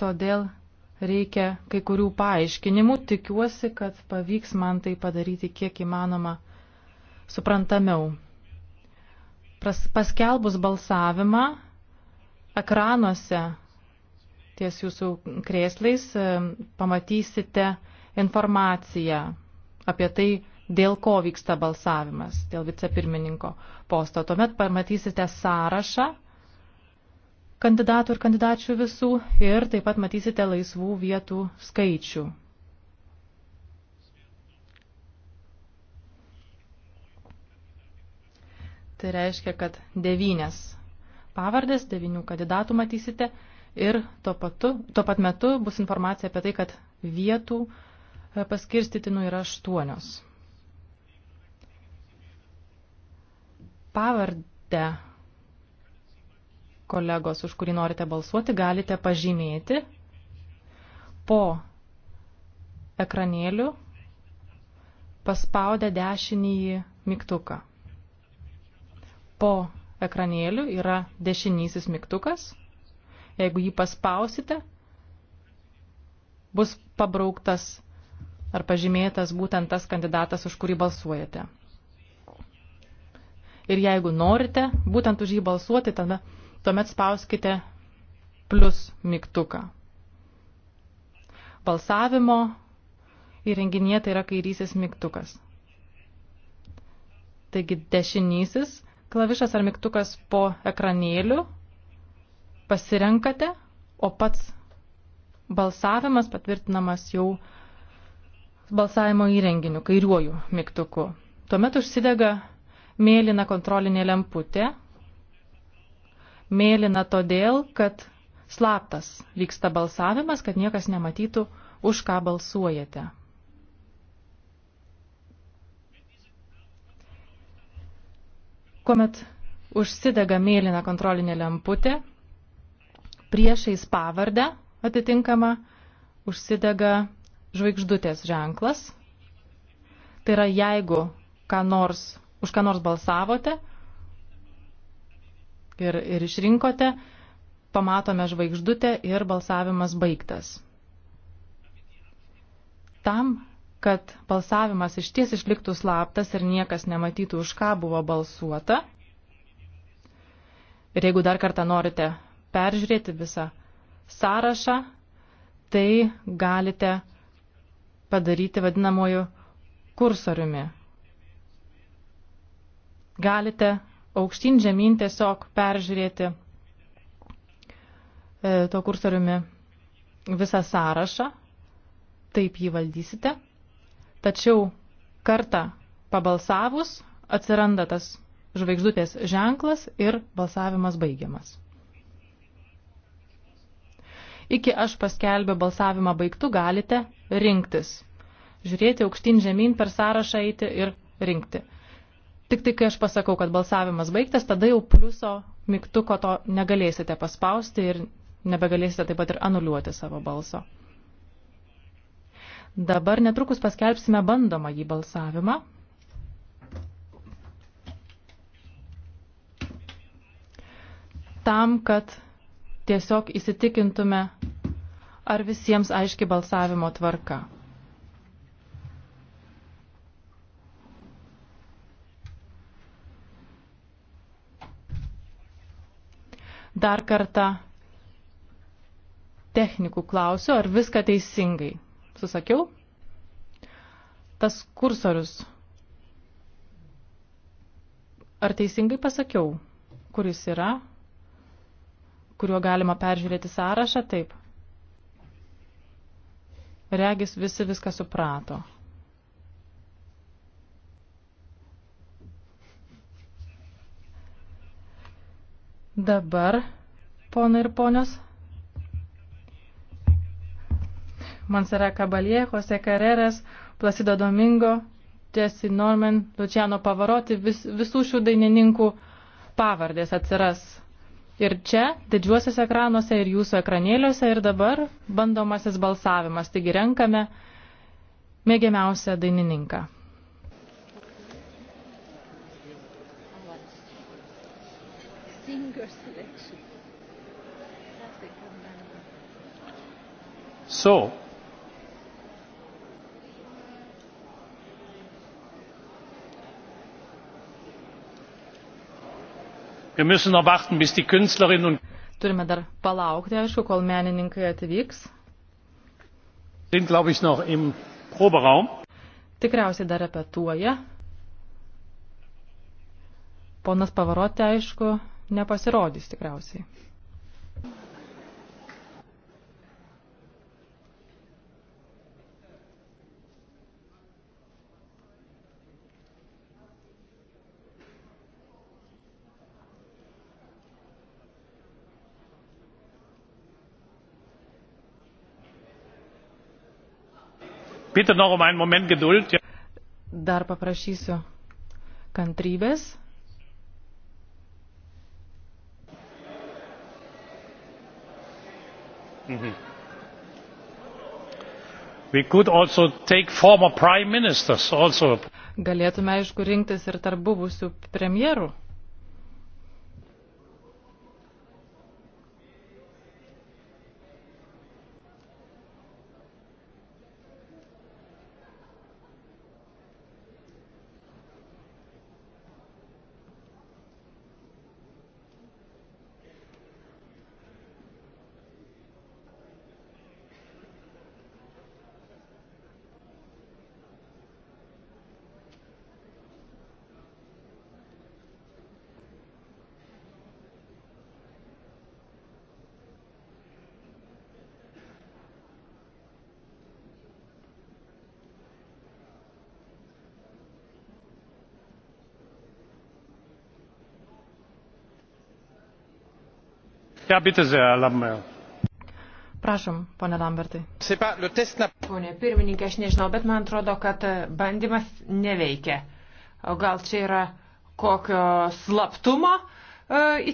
todėl reikia kai kurių paaiškinimų. Tikiuosi, kad pavyks man tai padaryti kiek įmanoma suprantamiau. Pras, paskelbus balsavimą ekranuose ties jūsų krėslais e, pamatysite informaciją apie tai, dėl ko vyksta balsavimas, dėl vicepirmininko posto. Tuomet pamatysite sąrašą kandidatų ir kandidačių visų ir taip pat matysite laisvų vietų skaičių. Tai reiškia, kad devynės pavardės, devinių kandidatų matysite ir tuo, patu, tuo pat metu bus informacija apie tai, kad vietų e, paskirstytinų nu, yra aštuonios. Pavardę kolegos, už kurį norite balsuoti, galite pažymėti po ekranėliu paspaudę dešinįjį mygtuką. Po ekranėliu yra dešinysis mygtukas. Jeigu jį paspausite, bus pabrauktas ar pažymėtas būtent tas kandidatas, už kurį balsuojate. Ir jeigu norite būtent už jį balsuoti, tada tuomet spauskite plus mygtuką. Balsavimo įrenginėje tai yra kairysis mygtukas. Taigi dešinysis klavišas ar mygtukas po ekranėliu pasirenkate, o pats balsavimas patvirtinamas jau balsavimo įrenginiu, kairiuoju mygtuku. Tuomet užsidega mėlyna kontrolinė lemputė mėlyna todėl, kad slaptas vyksta balsavimas, kad niekas nematytų, už ką balsuojate. Kuomet užsidega mėlyna kontrolinė lemputė, priešais pavardę atitinkamą užsidega žvaigždutės ženklas. Tai yra, jeigu ką nors, už ką nors balsavote, ir, ir išrinkote, pamatome žvaigždutę ir balsavimas baigtas. Tam, kad balsavimas iš ties išliktų slaptas ir niekas nematytų, už ką buvo balsuota, ir jeigu dar kartą norite peržiūrėti visą sąrašą, tai galite padaryti vadinamoju kursoriumi. Galite aukštyn žemyn tiesiog peržiūrėti e, to kursoriumi visą sąrašą, taip jį valdysite. Tačiau kartą pabalsavus atsiranda tas žvaigždutės ženklas ir balsavimas baigiamas. Iki aš paskelbę balsavimą baigtų galite rinktis. Žiūrėti aukštyn žemyn per sąrašą eiti ir rinkti. Tik tai, kai aš pasakau, kad balsavimas baigtas, tada jau pliuso mygtuko to negalėsite paspausti ir nebegalėsite taip pat ir anuliuoti savo balso. Dabar netrukus paskelbsime bandomą jį balsavimą. Tam, kad tiesiog įsitikintume, ar visiems aiški balsavimo tvarka. Dar kartą technikų klausiu, ar viską teisingai susakiau. Tas kursorius. Ar teisingai pasakiau, kuris yra, kuriuo galima peržiūrėti sąrašą? Taip. Regis visi viską suprato. Dabar, ponai ir ponios, Mansara Kabalie, Jose Carreras, Placido Domingo, Jesse Norman, Luciano Pavaroti, vis, visų šių dainininkų pavardės atsiras. Ir čia, didžiuosiuose ekranuose ir jūsų ekranėliuose ir dabar bandomasis balsavimas. Taigi renkame mėgiamiausią dainininką. finger selection. So, wir müssen noch warten, bis die Künstlerinnen und Turime dar palaukti, aišku, kol menininkai atvyks. Sind, glaube ich, noch im Proberaum. Tikriausiai dar repetuoja. Ponas Pavarotė, aišku, nepasirodys tikriausiai. Um Dar paprašysiu kantrybės. Mhm. galėtume aišku rinktis ir tarp buvusių premjerų. Ja, bitte sehr, Herr Lambert. Prašom, pone Lambertai. Pone pirmininkė, aš nežinau, bet man atrodo, kad e, bandymas neveikia. O gal čia yra kokio slaptumo e,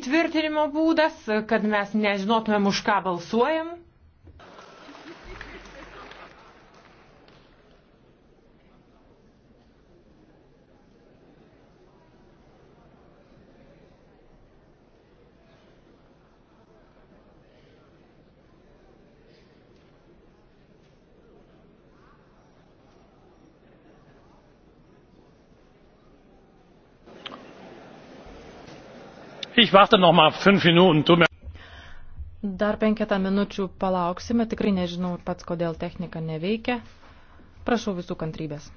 įtvirtinimo būdas, kad mes nežinotumėm, už ką balsuojam? Ich warte noch mal fünf Minuten. Dar penketą minučių palauksime, tikrai nežinau pats, kodėl technika neveikia. Prašau visų kantrybės.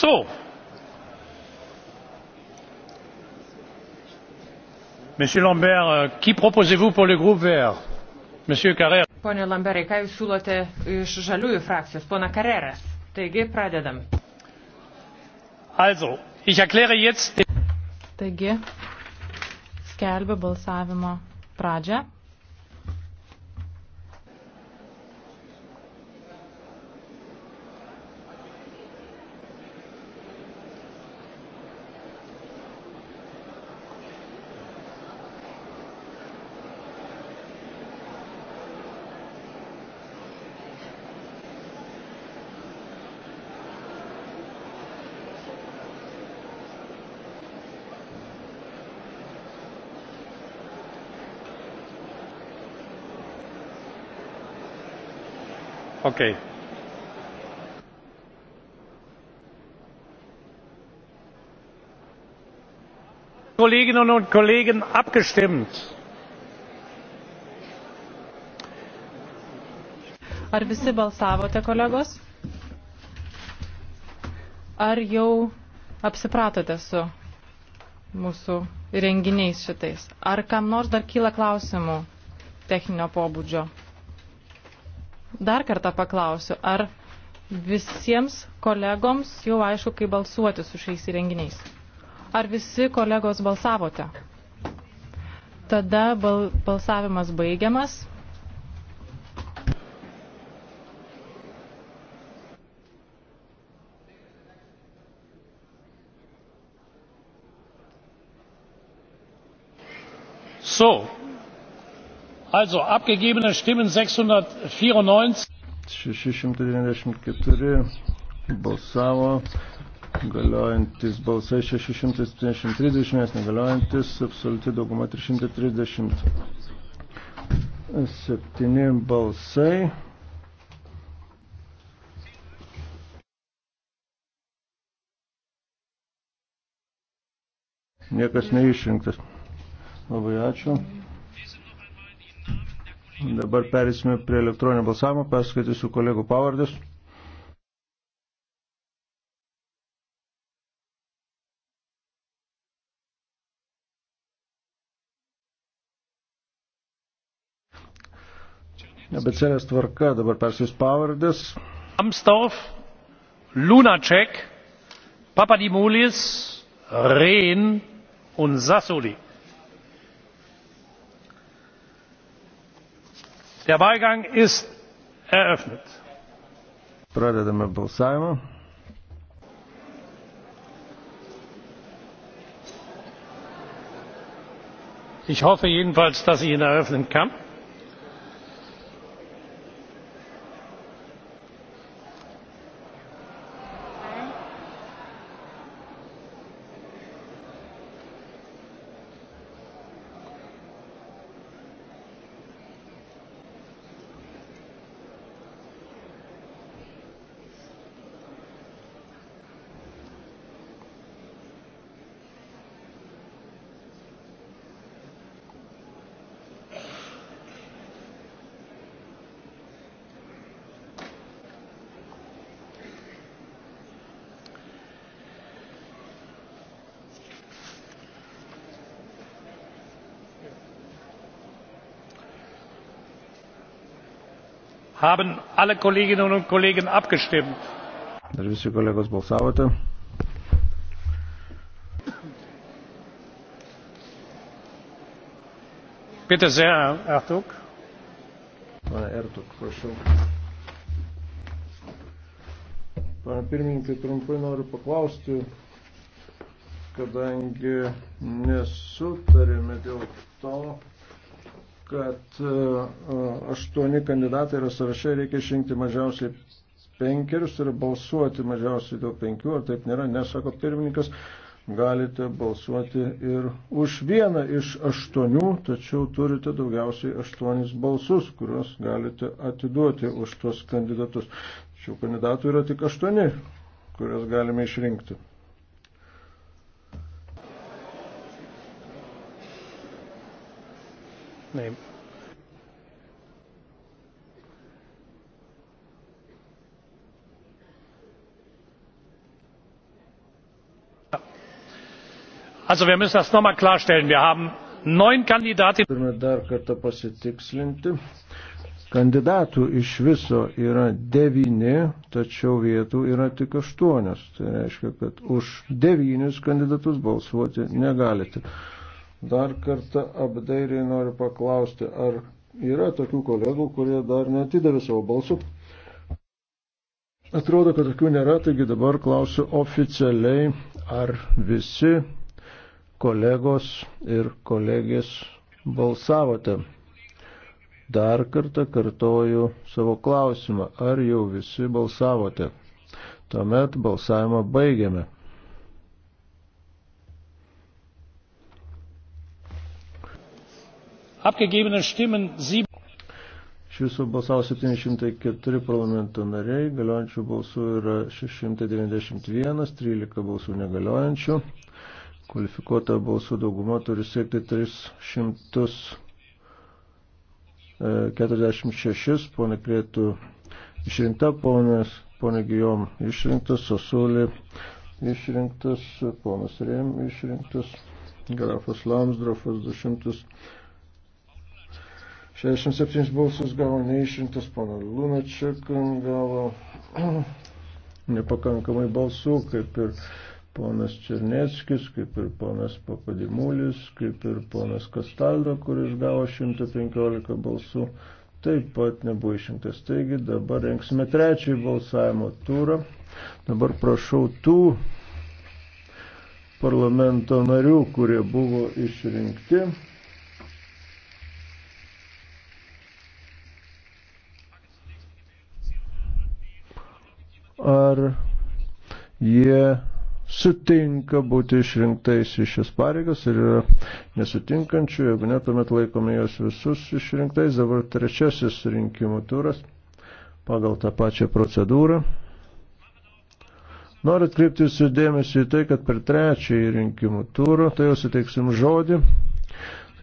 So. Monsieur Lambert, euh, qui proposez-vous pour le groupe vert Monsieur Carrère. Pone Lamberai, ką jūs siūlote iš žaliųjų frakcijos? Pona Carreras. Taigi, pradedam. Also, ich erkläre jetzt... Taigi, skelbiu balsavimo pradžią. Okay. kolleginnen und kollegen abgestimmt. ar visi balsavote kolegos? ar jau apsipratote su mūsų renginiais šitais? ar kam nors dar kyla klausimų techninio pobūdžio? dar kartą paklausiu, ar visiems kolegoms jau aišku, kaip balsuoti su šiais įrenginiais? Ar visi kolegos balsavote? Tada bal balsavimas baigiamas. So, also abgegebene stimmen sechshundertvierundneunzig balsavo galiojantis balsai 673, dešimties negaliojantis, absoliuti dauguma 337 balsai. Niekas neišrinktas. Labai ačiū. Dabar perėsime prie elektroninio balsavimo, perskaitysiu kolegų pavardės. Abecelės tvarka, dabar persis pavardės. Amstorf, Lunacek, Papadimulis, Rehn und Sassoli. der wahlgang ist eröffnet. pradedame balsavimą. ich hoffe jedenfalls dass ich ihn eröffnen kann. haben alle Kolleginnen und Kollegen abgestimmt? Ar visi kolegos balsavote? Bitte sehr, Herr Ertug. Pane Ertug, prašau. Pane pirmininkai, trumpai noriu paklausti, kadangi nesutarėme dėl to, kad e, e, aštuoni kandidatai yra sąrašai, reikia išrinkti mažiausiai penkerius ir balsuoti mažiausiai dėl penkių, ar taip nėra, nesako pirmininkas, galite balsuoti ir už vieną iš aštuonių, tačiau turite daugiausiai aštuonis balsus, kuriuos galite atiduoti už tuos kandidatus. Tačiau kandidatų yra tik aštuoni, kuriuos galime išrinkti. nehmen. also wir müssen das noch einmal klarstellen wir haben neun kandidatinnen turime dar kartą pasitikslinti kandidatų iš viso yra devyni tačiau vietų yra tik aštuonios tai reiškia kad už devynis kandidatus balsuoti negalite Dar kartą apdairiai noriu paklausti, ar yra tokių kolegų, kurie dar netidavė savo balsų. Atrodo, kad tokių nėra, taigi dabar klausiu oficialiai, ar visi kolegos ir kolegės balsavote. Dar kartą kartoju savo klausimą, ar jau visi balsavote. Tuomet balsavimą baigiame. Abgegebene Stimmen 7. Iš viso balsavo 704 parlamento nariai, galiojančių balsų yra 691, 13 balsų negaliojančių. Kvalifikuota balsų dauguma turi siekti 346, e, ponė Krėtų išrinkta, ponės, ponė Gijom išrinktas, Sasulė išrinktas, ponas Rėm išrinktas, Grafas Lamsdorfas 200. 67 balsus gavo neišrinktas, pana Lunačiak gavo nepakankamai balsų, kaip ir ponas Černeckis, kaip ir ponas Papadimulis, kaip ir ponas Kastaldo, kuris gavo 115 balsų, taip pat nebuvo išrinktas. Taigi dabar renksime trečiąjį balsavimo turą. Dabar prašau tų parlamento narių, kurie buvo išrinkti. ar jie sutinka būti išrinktais į šias pareigas ir yra nesutinkančių, jeigu ne, tuomet laikome juos visus išrinktais. Dabar trečiasis rinkimų turas pagal tą pačią procedūrą. Noriu atkreipti jūsų dėmesį į tai, kad per trečiąjį rinkimų turą, tai jau suteiksim žodį,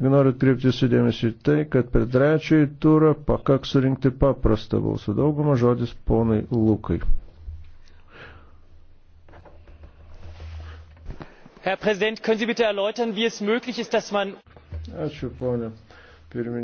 noriu atkreipti jūsų dėmesį į tai, kad per trečiąjį turą pakaks surinkti paprastą balsų daugumą žodis ponai Lukai. herr präsident können sie bitte erläutern wie es möglich ist dass man.